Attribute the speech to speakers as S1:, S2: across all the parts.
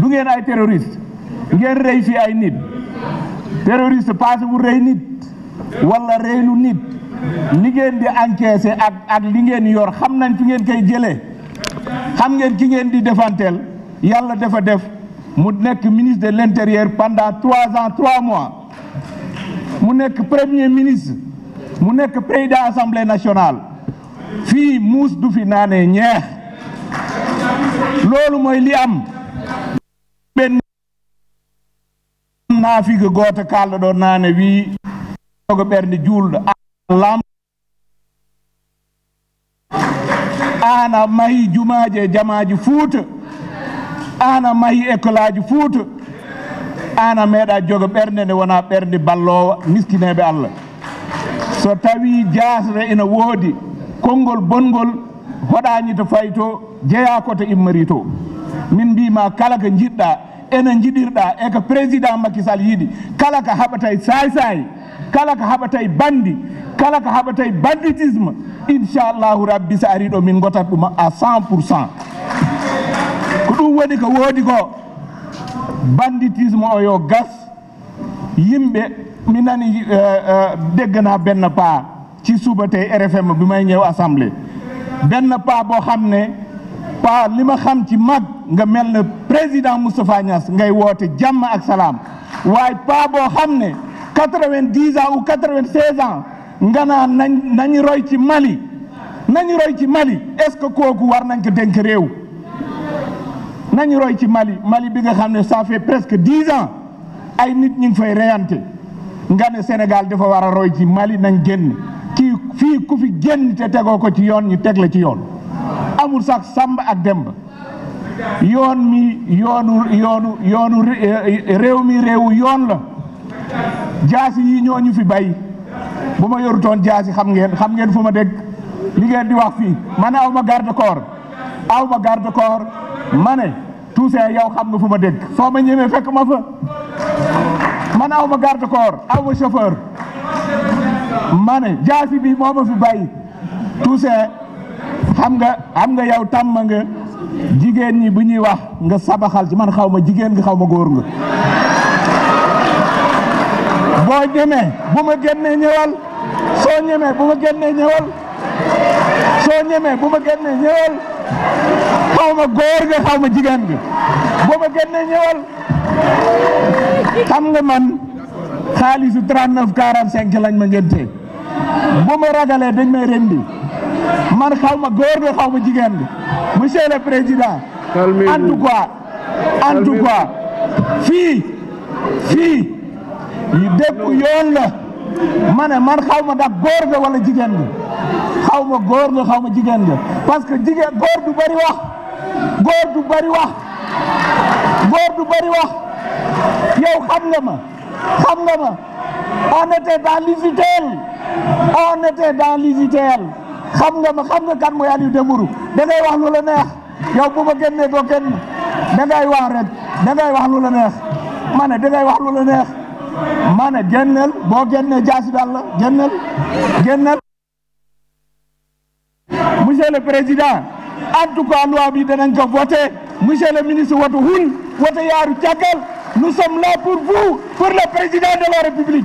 S1: du ngeen ay terroriste ngeen rey fi ay nit terroriste passé bu rey nit walla rey nit li ngeen di encaissé ak ak li ngeen yor xam nañ fi ngeen koy jëlee xam ngeen ki ngeen di defanteel yàlla dafa def mu nekk ministre de l'intérieur pendant trois ans trois mois mu nekk premier ministre mu nekk président assemblée nationale fii muus du fi naanee ñeex loolu mooy li am naafijo gooto kaalɗo ɗo naane wii jogo ɓernde juulɗo lam an a mahi jumaaji e jamaaji fuuta an a mahi école fuuta an meeɗa jogo ɓernde nde wona ɓernde ballowo miskineɓe allah so tawi jasre ina woodi konngol bongol hoɗañi to fayi koto immori min mbima kala ko jiɗɗa enen jiɗirɗa eko président makisal yiiɗi kala ko haɓatay say say kala ko haɓatay bandi kala ko haɓatay banditisme inchallahu rabbi so ari ɗo min gotat ɗum à cent pour cent ko ɗum woni ko woodi ko banditisme o yo gas yimɓe mi nani eh, eh, deggana benn paa ci suba tey rfm bi may ñëw assemblée benn paa boo xam paa li ma xam nga mel na président Moustapha Niass ngay woote jàmm ak salaam waaye pa boo xam ne quatre-vingt-dix ans ou quatre-vingt-seize ans nga naan nañ nañu roy ci Mali nañu roy ci Mali est-ce que kooku war nañ ko dénk réew nañu roy ci Mali Mali bi nga xam ne ça fait presque dix ans ay nit ñu ngi fay reyante nga ne Sénégal dafa war a roy ci Mali nañ génn kii fii ku fi génn te tegoo ko ci yoon ñi teg la ci yoon amul sax sàmb ak demb yoon mi yoonu yoonu yoonu eh, réew mi réew yoon la jaasi yi ñoo ñu fi bay bu ma yorutoon jaasi xam ngeen xam ngeen fu ma dégg li di wax fii ma aw ma garde corps aw ma garde corps ma ne yow xam nga fu ma dégg soo ma ñemee fekk ma fa ma ne aw ma garde corps aw ma chauffeur ma jaasi bi moo ma fi bay Toussaint xam nga xam nga yow tàmm nga. jigéen ñi bu ñuy wax nga sabaxal ci man xaw ma jigéen nga xaw ma góor nga boo ñemee bu ma génnee ñëwal soo ñemee bu ma génnee ñëwal soo ñemee ma génnee ñëwal xaw ma góor nga xaw ma jigéen nga bu ma génnee ñëwal xam nga man xaalisu 39 45 lañ ma ngénte bu ma ragalee dañ may rendi man xaw ma góor bi jigéen bi monsieur le président. en tout cas en fii fii dëkku yoon la ma ne man xaw ma ndax góor nga jigéen bi xaw ma góor nga ma jigéen nga parce que jigéen góor du bari wax góor du bari wax yow xam nga ma xam nga ma on était dans l'usitelle on était dans xam nga ma xam nga kan mooy Aliou Dembourou da wax lu la neex yow bu ma génnee doo génn wax rek da ngay lu la neex ma ne wax lu la neex ma ne boo génnee jaasi daal la génneel génneel monsieur le président en tout cas loi bi danañ ministre woto hul woto yaaru càggal nous sommes là pour vous pour le président de la république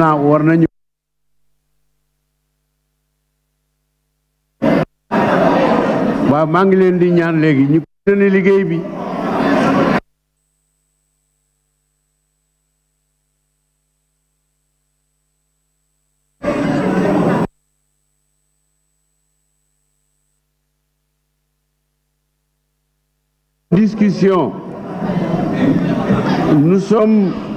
S1: naa war nañu waaw maa ngi leen di ñaan léegi ñu continuer liggéey bi discussion nous sommes